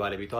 ባለቤቷ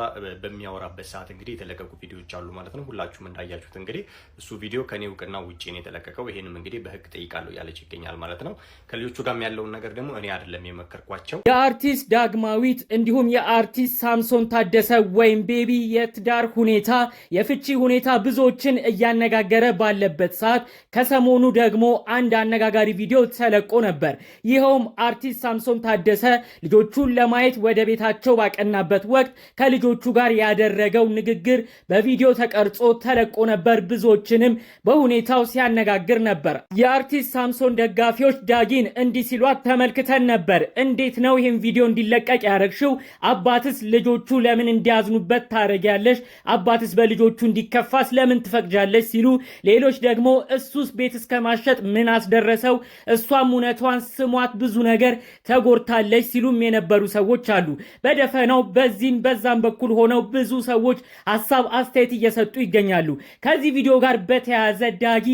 በሚያወራበት ሰዓት እንግዲህ የተለቀቁ ቪዲዮዎች አሉ ማለት ነው። ሁላችሁም እንዳያችሁት እንግዲህ እሱ ቪዲዮ ከኔ እውቅና ውጭ ነው የተለቀቀው። ይሄንም እንግዲህ በህግ ጠይቃለሁ ያለች ይገኛል ማለት ነው። ከልጆቹ ጋርም ያለውን ነገር ደግሞ እኔ አይደለም የመከርኳቸው። የአርቲስት ዳግማዊት እንዲሁም የአርቲስት ሳምሶን ታደሰ ወይም ቤቢ የትዳር ሁኔታ፣ የፍቺ ሁኔታ ብዙዎችን እያነጋገረ ባለበት ሰዓት ከሰሞኑ ደግሞ አንድ አነጋጋሪ ቪዲዮ ተለቆ ነበር። ይኸውም አርቲስት ሳምሶን ታደሰ ልጆቹን ለማየት ወደ ቤታቸው ባቀናበት ወቅት ከልጆቹ ጋር ያደረገው ንግግር በቪዲዮ ተቀርጾ ተለቆ ነበር። ብዙዎችንም በሁኔታው ሲያነጋግር ነበር። የአርቲስት ሳምሶን ደጋፊዎች ዳጊን እንዲህ ሲሏት ተመልክተን ነበር። እንዴት ነው ይህን ቪዲዮ እንዲለቀቅ ያደረግሽው? አባትስ ልጆቹ ለምን እንዲያዝኑበት ታደረጊያለሽ? አባትስ በልጆቹ እንዲከፋስ ለምን ትፈቅጃለሽ? ሲሉ ሌሎች ደግሞ እሱስ ቤት እስከ ማሸጥ ምን አስደረሰው? እሷም እውነቷን ስሟት ብዙ ነገር ተጎድታለች ሲሉም የነበሩ ሰዎች አሉ። በደፈናው በዚህም በዛም በኩል ሆነው ብዙ ሰዎች ሀሳብ አስተያየት እየሰጡ ይገኛሉ። ከዚህ ቪዲዮ ጋር በተያያዘ ዳጊ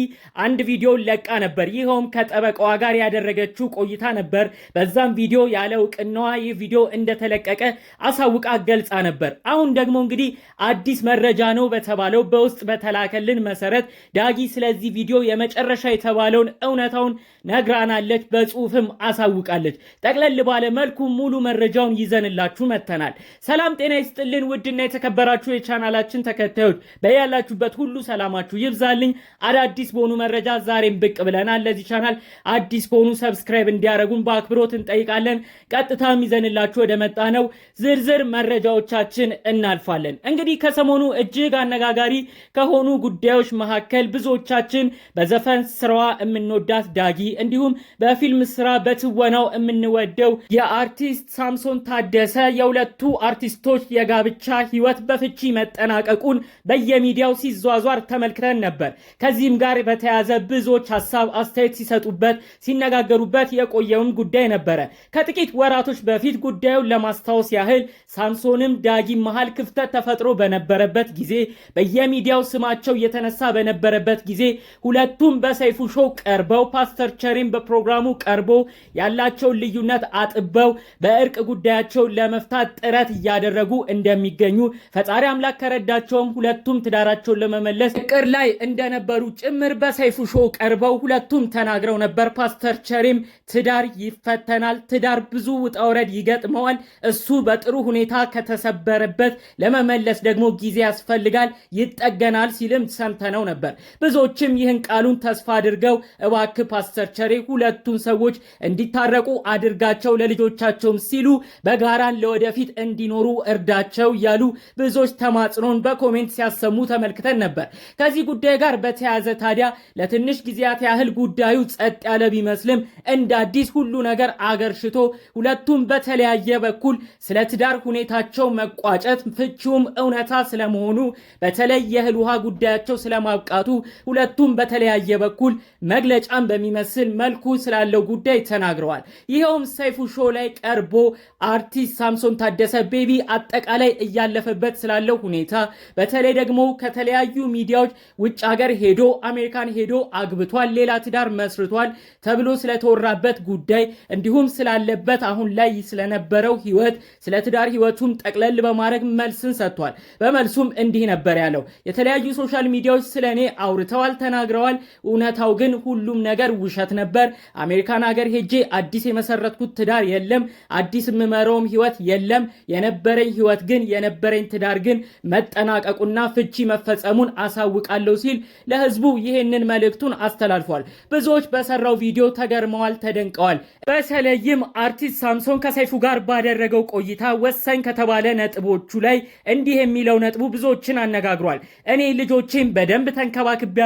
አንድ ቪዲዮ ለቃ ነበር። ይኸውም ከጠበቃዋ ጋር ያደረገችው ቆይታ ነበር። በዛም ቪዲዮ ያለ እውቅናዋ ይህ ቪዲዮ እንደተለቀቀ አሳውቃ ገልጻ ነበር። አሁን ደግሞ እንግዲህ አዲስ መረጃ ነው በተባለው በውስጥ በተላከልን መሰረት ዳጊ ስለዚህ ቪዲዮ የመጨረሻ የተባለውን እውነታውን ነግራናለች፣ በጽሁፍም አሳውቃለች። ጠቅለል ባለ መልኩ ሙሉ መረጃውን ይዘንላችሁ መጥተናል። ሰላም ሰላም ጤና ይስጥልን ውድና የተከበራችሁ የቻናላችን ተከታዮች በያላችሁበት ሁሉ ሰላማችሁ ይብዛልኝ። አዳዲስ በሆኑ መረጃ ዛሬም ብቅ ብለናል። ለዚህ ቻናል አዲስ ከሆኑ ሰብስክራይብ እንዲያደረጉን በአክብሮት እንጠይቃለን። ቀጥታ ይዘንላችሁ ወደ መጣ ነው ዝርዝር መረጃዎቻችን እናልፋለን። እንግዲህ ከሰሞኑ እጅግ አነጋጋሪ ከሆኑ ጉዳዮች መካከል ብዙዎቻችን በዘፈን ስራዋ የምንወዳት ዳጊ እንዲሁም በፊልም ስራ በትወናው የምንወደው የአርቲስት ሳምሶን ታደሰ የሁለቱ አርቲስት አርቲስቶች የጋብቻ ህይወት በፍቺ መጠናቀቁን በየሚዲያው ሲዟዟር ተመልክተን ነበር። ከዚህም ጋር በተያያዘ ብዙዎች ሀሳብ አስተያየት ሲሰጡበት ሲነጋገሩበት የቆየውን ጉዳይ ነበረ። ከጥቂት ወራቶች በፊት ጉዳዩን ለማስታወስ ያህል ሳምሶንም ዳጊም መሃል ክፍተት ተፈጥሮ በነበረበት ጊዜ በየሚዲያው ስማቸው የተነሳ በነበረበት ጊዜ ሁለቱም በሰይፉ ሾው ቀርበው ፓስተር ቸሪም በፕሮግራሙ ቀርቦ ያላቸውን ልዩነት አጥበው በእርቅ ጉዳያቸው ለመፍታት ጥረት እያደረ እያደረጉ እንደሚገኙ ፈጣሪ አምላክ ከረዳቸውም ሁለቱም ትዳራቸውን ለመመለስ ቅር ላይ እንደነበሩ ጭምር በሰይፉ ሾው ቀርበው ሁለቱም ተናግረው ነበር። ፓስተር ቸሪም ትዳር ይፈተናል፣ ትዳር ብዙ ውጣውረድ ይገጥመዋል። እሱ በጥሩ ሁኔታ ከተሰበረበት ለመመለስ ደግሞ ጊዜ ያስፈልጋል፣ ይጠገናል ሲልም ሰምተነው ነበር። ብዙዎችም ይህን ቃሉን ተስፋ አድርገው እባክ ፓስተር ቸሪ ሁለቱን ሰዎች እንዲታረቁ አድርጋቸው፣ ለልጆቻቸውም ሲሉ በጋራን ለወደፊት እንዲኖሩ እርዳቸው እያሉ ብዙዎች ተማጽኖን በኮሜንት ሲያሰሙ ተመልክተን ነበር። ከዚህ ጉዳይ ጋር በተያያዘ ታዲያ ለትንሽ ጊዜያት ያህል ጉዳዩ ጸጥ ያለ ቢመስልም እንደ አዲስ ሁሉ ነገር አገርሽቶ ሁለቱም በተለያየ በኩል ስለ ትዳር ሁኔታቸው መቋጨት፣ ፍቺውም እውነታ ስለመሆኑ በተለይ የእህል ውሃ ጉዳያቸው ስለማብቃቱ ሁለቱም በተለያየ በኩል መግለጫን በሚመስል መልኩ ስላለው ጉዳይ ተናግረዋል። ይኸውም ሰይፉ ሾው ላይ ቀርቦ አርቲስት ሳምሶን ታደሰ ቤቢ አጠቃላይ እያለፈበት ስላለው ሁኔታ በተለይ ደግሞ ከተለያዩ ሚዲያዎች ውጭ ሀገር ሄዶ አሜሪካን ሄዶ አግብቷል፣ ሌላ ትዳር መስርቷል ተብሎ ስለተወራበት ጉዳይ እንዲሁም ስላለበት አሁን ላይ ስለነበረው ህይወት ስለ ትዳር ህይወቱም ጠቅለል በማድረግ መልስን ሰጥቷል። በመልሱም እንዲህ ነበር ያለው። የተለያዩ ሶሻል ሚዲያዎች ስለ እኔ አውርተዋል፣ ተናግረዋል። እውነታው ግን ሁሉም ነገር ውሸት ነበር። አሜሪካን ሀገር ሄጄ አዲስ የመሰረትኩት ትዳር የለም፣ አዲስ የምመረውም ህይወት የለም። የነበረ የነበረኝ ህይወት ግን የነበረኝ ትዳር ግን መጠናቀቁና ፍቺ መፈጸሙን አሳውቃለሁ ሲል ለህዝቡ ይህንን መልእክቱን አስተላልፏል። ብዙዎች በሰራው ቪዲዮ ተገርመዋል፣ ተደንቀዋል። በተለይም አርቲስት ሳምሶን ከሰይፉ ጋር ባደረገው ቆይታ ወሳኝ ከተባለ ነጥቦቹ ላይ እንዲህ የሚለው ነጥቡ ብዙዎችን አነጋግሯል። እኔ ልጆቼን በደንብ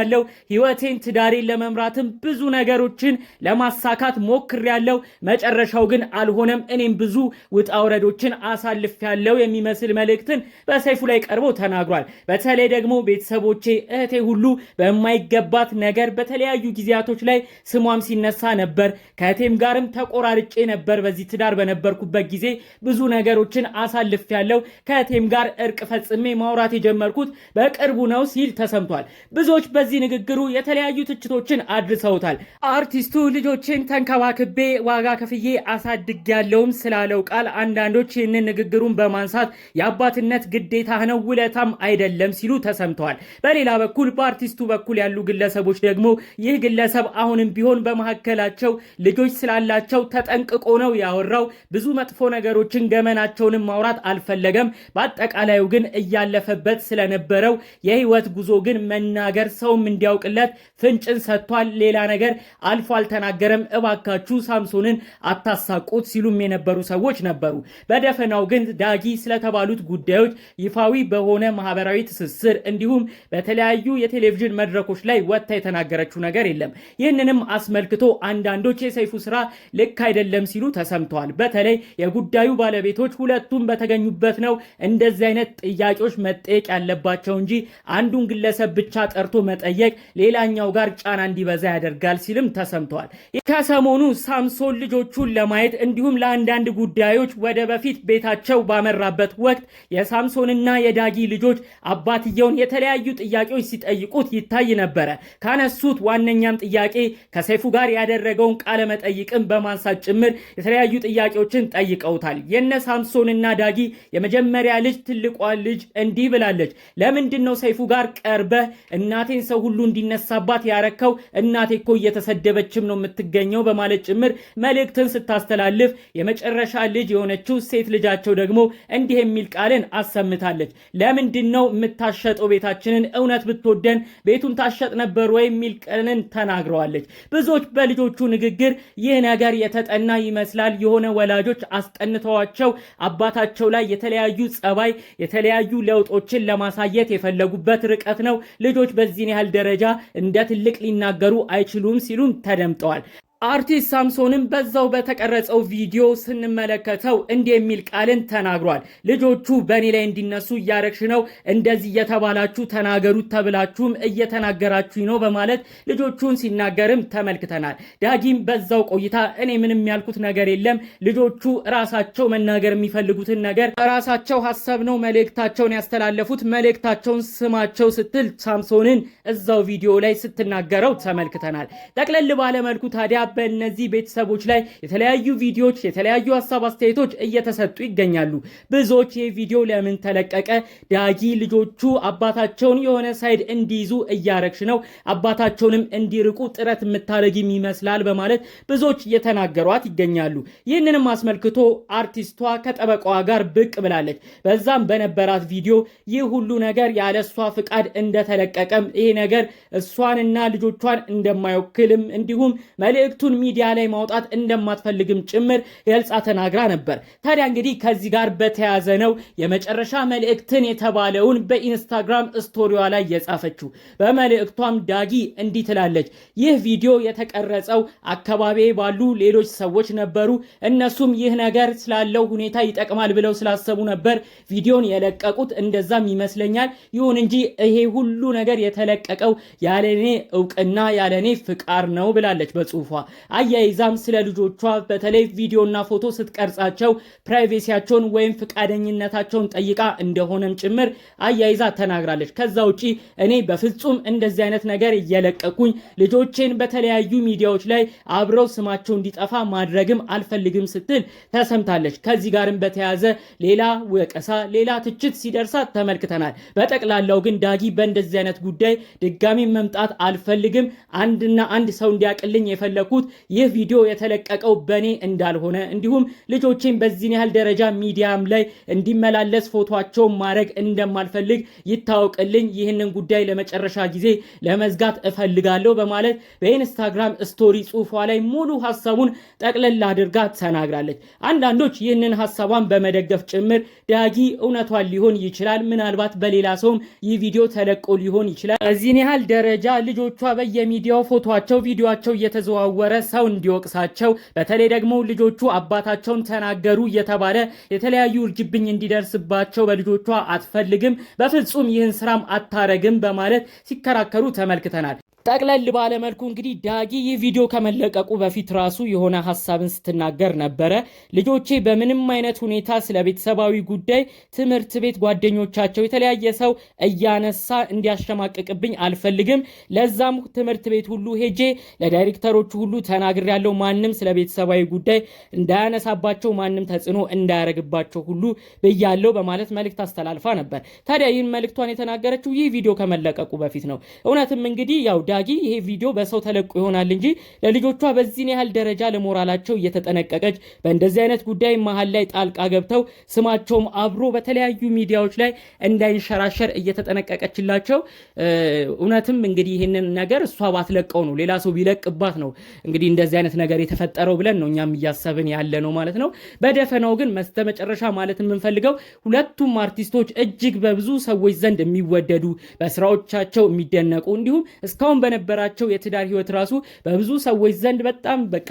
ያለው ህይወቴን፣ ትዳሬን ለመምራትም ብዙ ነገሮችን ለማሳካት ሞክሬያለሁ። መጨረሻው ግን አልሆነም። እኔም ብዙ ውጣ ውረዶችን አሳልፌያለሁ ያለው የሚመስል መልእክትን በሰይፉ ላይ ቀርቦ ተናግሯል። በተለይ ደግሞ ቤተሰቦቼ፣ እህቴ ሁሉ በማይገባት ነገር በተለያዩ ጊዜያቶች ላይ ስሟም ሲነሳ ነበር። ከእቴም ጋርም ተቆራርጬ ነበር። በዚህ ትዳር በነበርኩበት ጊዜ ብዙ ነገሮችን አሳልፍ ያለው ከእቴም ጋር እርቅ ፈጽሜ ማውራት የጀመርኩት በቅርቡ ነው ሲል ተሰምቷል። ብዙዎች በዚህ ንግግሩ የተለያዩ ትችቶችን አድርሰውታል። አርቲስቱ ልጆችን ተንከባክቤ ዋጋ ከፍዬ አሳድግ ያለውም ስላለው ቃል አንዳንዶች ይህንን ንግግሩን በማ ማንሳት የአባትነት ግዴታህ ነው፣ ውለታም አይደለም ሲሉ ተሰምተዋል። በሌላ በኩል በአርቲስቱ በኩል ያሉ ግለሰቦች ደግሞ ይህ ግለሰብ አሁንም ቢሆን በመካከላቸው ልጆች ስላላቸው ተጠንቅቆ ነው ያወራው። ብዙ መጥፎ ነገሮችን ገመናቸውንም ማውራት አልፈለገም። በአጠቃላዩ ግን እያለፈበት ስለነበረው የህይወት ጉዞ ግን መናገር ሰውም እንዲያውቅለት ፍንጭን ሰጥቷል። ሌላ ነገር አልፎ አልተናገረም። እባካችሁ ሳምሶንን አታሳቁት ሲሉም የነበሩ ሰዎች ነበሩ። በደፈናው ግን ዳጊ ስለተባሉት ጉዳዮች ይፋዊ በሆነ ማህበራዊ ትስስር እንዲሁም በተለያዩ የቴሌቪዥን መድረኮች ላይ ወጥታ የተናገረችው ነገር የለም። ይህንንም አስመልክቶ አንዳንዶች የሰይፉ ስራ ልክ አይደለም ሲሉ ተሰምተዋል። በተለይ የጉዳዩ ባለቤቶች ሁለቱም በተገኙበት ነው እንደዚህ አይነት ጥያቄዎች መጠየቅ ያለባቸው እንጂ አንዱን ግለሰብ ብቻ ጠርቶ መጠየቅ ሌላኛው ጋር ጫና እንዲበዛ ያደርጋል ሲልም ተሰምተዋል። ከሰሞኑ ሳምሶን ልጆቹን ለማየት እንዲሁም ለአንዳንድ ጉዳዮች ወደ በፊት ቤታቸው ባመ በተመራበት ወቅት የሳምሶንና የዳጊ ልጆች አባትየውን የተለያዩ ጥያቄዎች ሲጠይቁት ይታይ ነበረ። ካነሱት ዋነኛም ጥያቄ ከሰይፉ ጋር ያደረገውን ቃለ መጠይቅን በማንሳት ጭምር የተለያዩ ጥያቄዎችን ጠይቀውታል። የነ ሳምሶንና ዳጊ የመጀመሪያ ልጅ ትልቋ ልጅ እንዲህ ብላለች፣ ለምንድን ነው ሰይፉ ጋር ቀርበህ እናቴን ሰው ሁሉ እንዲነሳባት ያረከው? እናቴ እኮ እየተሰደበችም ነው የምትገኘው በማለት ጭምር መልእክትን ስታስተላልፍ የመጨረሻ ልጅ የሆነችው ሴት ልጃቸው ደግሞ እንዲህ የሚል ቃልን አሰምታለች። ለምንድን ነው የምታሸጠው ቤታችንን? እውነት ብትወደን ቤቱን ታሸጥ ነበር ወይ የሚል ቃልን ተናግረዋለች። ብዙዎች በልጆቹ ንግግር ይህ ነገር የተጠና ይመስላል። የሆነ ወላጆች አስጠንተዋቸው አባታቸው ላይ የተለያዩ ጸባይ፣ የተለያዩ ለውጦችን ለማሳየት የፈለጉበት ርቀት ነው። ልጆች በዚህን ያህል ደረጃ እንደ ትልቅ ሊናገሩ አይችሉም ሲሉም ተደምጠዋል። አርቲስት ሳምሶንም በዛው በተቀረጸው ቪዲዮ ስንመለከተው እንዲህ የሚል ቃልን ተናግሯል። ልጆቹ በእኔ ላይ እንዲነሱ እያረግሽ ነው፣ እንደዚህ እየተባላችሁ ተናገሩት ተብላችሁም እየተናገራችሁኝ ነው በማለት ልጆቹን ሲናገርም ተመልክተናል። ዳጊም በዛው ቆይታ እኔ ምንም ያልኩት ነገር የለም፣ ልጆቹ ራሳቸው መናገር የሚፈልጉትን ነገር ራሳቸው ሀሳብ ነው መልእክታቸውን ያስተላለፉት፣ መልእክታቸውን ስማቸው ስትል ሳምሶንን እዛው ቪዲዮ ላይ ስትናገረው ተመልክተናል። ጠቅለል ባለመልኩ ታዲያ በእነዚህ ቤተሰቦች ላይ የተለያዩ ቪዲዮዎች፣ የተለያዩ ሀሳብ አስተያየቶች እየተሰጡ ይገኛሉ። ብዙዎች ይህ ቪዲዮ ለምን ተለቀቀ? ዳጊ ልጆቹ አባታቸውን የሆነ ሳይድ እንዲይዙ እያረግሽ ነው፣ አባታቸውንም እንዲርቁ ጥረት የምታደረግም ይመስላል በማለት ብዙዎች እየተናገሯት ይገኛሉ። ይህንንም አስመልክቶ አርቲስቷ ከጠበቃዋ ጋር ብቅ ብላለች። በዛም በነበራት ቪዲዮ ይህ ሁሉ ነገር ያለ እሷ ፍቃድ እንደተለቀቀም ይሄ ነገር እሷንና ልጆቿን እንደማይወክልም እንዲሁም መልእክት ሁለቱን ሚዲያ ላይ ማውጣት እንደማትፈልግም ጭምር ገልጻ ተናግራ ነበር። ታዲያ እንግዲህ ከዚህ ጋር በተያዘ ነው የመጨረሻ መልእክትን የተባለውን በኢንስታግራም ስቶሪዋ ላይ የጻፈችው። በመልእክቷም ዳጊ እንዲህ ትላለች። ይህ ቪዲዮ የተቀረጸው አካባቢ ባሉ ሌሎች ሰዎች ነበሩ። እነሱም ይህ ነገር ስላለው ሁኔታ ይጠቅማል ብለው ስላሰቡ ነበር ቪዲዮን የለቀቁት፣ እንደዛም ይመስለኛል። ይሁን እንጂ ይሄ ሁሉ ነገር የተለቀቀው ያለኔ እውቅና ያለኔ ፍቃድ ነው ብላለች በጽሁፏ። አያይዛም ስለ ልጆቿ በተለይ ቪዲዮና ፎቶ ስትቀርጻቸው ፕራይቬሲያቸውን ወይም ፍቃደኝነታቸውን ጠይቃ እንደሆነም ጭምር አያይዛ ተናግራለች። ከዛ ውጪ እኔ በፍጹም እንደዚህ አይነት ነገር እየለቀኩኝ ልጆቼን በተለያዩ ሚዲያዎች ላይ አብረው ስማቸው እንዲጠፋ ማድረግም አልፈልግም ስትል ተሰምታለች። ከዚህ ጋርም በተያያዘ ሌላ ወቀሳ፣ ሌላ ትችት ሲደርሳት ተመልክተናል። በጠቅላላው ግን ዳጊ በእንደዚህ አይነት ጉዳይ ድጋሚ መምጣት አልፈልግም፣ አንድና አንድ ሰው እንዲያቅልኝ የፈለኩት ያደረግኩት ይህ ቪዲዮ የተለቀቀው በእኔ እንዳልሆነ እንዲሁም ልጆቼን በዚህን ያህል ደረጃ ሚዲያም ላይ እንዲመላለስ ፎቶቸውን ማድረግ እንደማልፈልግ ይታወቅልኝ። ይህንን ጉዳይ ለመጨረሻ ጊዜ ለመዝጋት እፈልጋለሁ በማለት በኢንስታግራም ስቶሪ ጽሁፏ ላይ ሙሉ ሀሳቡን ጠቅለል አድርጋ ተናግራለች። አንዳንዶች ይህንን ሀሳቧን በመደገፍ ጭምር ዳጊ እውነቷን ሊሆን ይችላል፣ ምናልባት በሌላ ሰውም ይህ ቪዲዮ ተለቆ ሊሆን ይችላል። በዚህን ያህል ደረጃ ልጆቿ በየሚዲያው ፎቶቸው፣ ቪዲዮቸው እየተዘዋወ እየተዘዋወረ ሰው እንዲወቅሳቸው በተለይ ደግሞ ልጆቹ አባታቸውን ተናገሩ እየተባለ የተለያዩ እርጅብኝ እንዲደርስባቸው በልጆቿ አትፈልግም፣ በፍጹም ይህን ስራም አታረግም በማለት ሲከራከሩ ተመልክተናል። ጠቅለል ባለመልኩ እንግዲህ ዳጊ ይህ ቪዲዮ ከመለቀቁ በፊት ራሱ የሆነ ሀሳብን ስትናገር ነበረ። ልጆቼ በምንም አይነት ሁኔታ ስለ ቤተሰባዊ ጉዳይ ትምህርት ቤት ጓደኞቻቸው፣ የተለያየ ሰው እያነሳ እንዲያሸማቅቅብኝ አልፈልግም። ለዛም ትምህርት ቤት ሁሉ ሄጄ ለዳይሬክተሮቹ ሁሉ ያለው ማንም ስለ ቤተሰባዊ ጉዳይ እንዳያነሳባቸው፣ ማንም ተጽዕኖ እንዳያረግባቸው ሁሉ ብያለው በማለት መልእክት አስተላልፋ ነበር። ታዲያ ይህን መልእክቷን የተናገረችው ይህ ቪዲዮ ከመለቀቁ በፊት ነው። እውነትም እንግዲህ ያው ዳጊ ይሄ ቪዲዮ በሰው ተለቁ ይሆናል እንጂ ለልጆቿ በዚህን ያህል ደረጃ ለሞራላቸው እየተጠነቀቀች በእንደዚህ አይነት ጉዳይ መሀል ላይ ጣልቃ ገብተው ስማቸውም አብሮ በተለያዩ ሚዲያዎች ላይ እንዳይንሸራሸር እየተጠነቀቀችላቸው እውነትም እንግዲህ ይህንን ነገር እሷ ባትለቀው ነው ሌላ ሰው ቢለቅባት ነው እንግዲህ እንደዚህ አይነት ነገር የተፈጠረው ብለን ነው እኛም እያሰብን ያለ ነው ማለት ነው። በደፈናው ግን መስተመጨረሻ ማለት የምንፈልገው ሁለቱም አርቲስቶች እጅግ በብዙ ሰዎች ዘንድ የሚወደዱ በስራዎቻቸው የሚደነቁ እንዲሁም እስካሁን እስካሁን በነበራቸው የትዳር ህይወት ራሱ በብዙ ሰዎች ዘንድ በጣም በቃ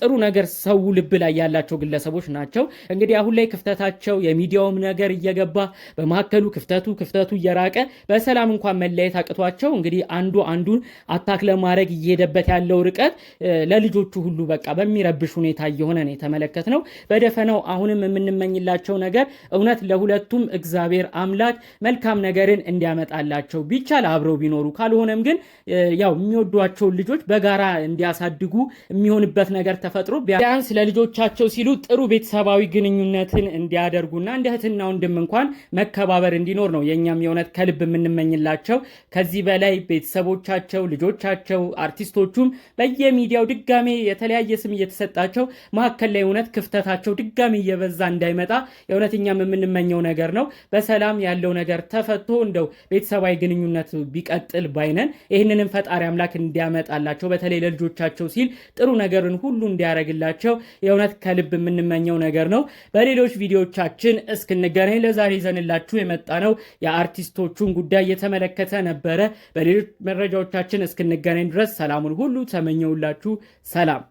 ጥሩ ነገር ሰው ልብ ላይ ያላቸው ግለሰቦች ናቸው። እንግዲህ አሁን ላይ ክፍተታቸው የሚዲያውም ነገር እየገባ በመካከሉ ክፍተቱ ክፍተቱ እየራቀ በሰላም እንኳን መለየት አቅቷቸው እንግዲህ አንዱ አንዱን አታክ ለማድረግ እየሄደበት ያለው ርቀት ለልጆቹ ሁሉ በቃ በሚረብሽ ሁኔታ እየሆነ ነው ነው። በደፈናው አሁንም የምንመኝላቸው ነገር እውነት ለሁለቱም እግዚአብሔር አምላክ መልካም ነገርን እንዲያመጣላቸው ቢቻል አብረው ቢኖሩ ካልሆነም ግን ያው የሚወዷቸውን ልጆች በጋራ እንዲያሳድጉ የሚሆንበት ነገር ተፈጥሮ ቢያንስ ለልጆቻቸው ሲሉ ጥሩ ቤተሰባዊ ግንኙነትን እንዲያደርጉና እንደ እህትና ወንድም እንኳን መከባበር እንዲኖር ነው የእኛም የእውነት ከልብ የምንመኝላቸው። ከዚህ በላይ ቤተሰቦቻቸው፣ ልጆቻቸው፣ አርቲስቶቹም በየሚዲያው ድጋሜ የተለያየ ስም እየተሰጣቸው መካከል ላይ እውነት ክፍተታቸው ድጋሜ እየበዛ እንዳይመጣ የእውነት እኛም የምንመኘው ነገር ነው። በሰላም ያለው ነገር ተፈቶ እንደው ቤተሰባዊ ግንኙነት ቢቀጥል ባይነን ይህንንም ፈጣሪ አምላክ እንዲያመጣላቸው በተለይ ለልጆቻቸው ሲል ጥሩ ነገርን ሁሉ እንዲያደርግላቸው የእውነት ከልብ የምንመኘው ነገር ነው። በሌሎች ቪዲዮቻችን እስክንገናኝ ለዛሬ ይዘንላችሁ የመጣ ነው የአርቲስቶቹን ጉዳይ የተመለከተ ነበረ። በሌሎች መረጃዎቻችን እስክንገናኝ ድረስ ሰላሙን ሁሉ ተመኘውላችሁ። ሰላም